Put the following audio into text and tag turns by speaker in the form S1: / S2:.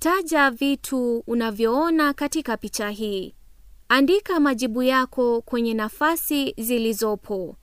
S1: Taja vitu unavyoona katika picha hii. Andika majibu yako kwenye nafasi zilizopo.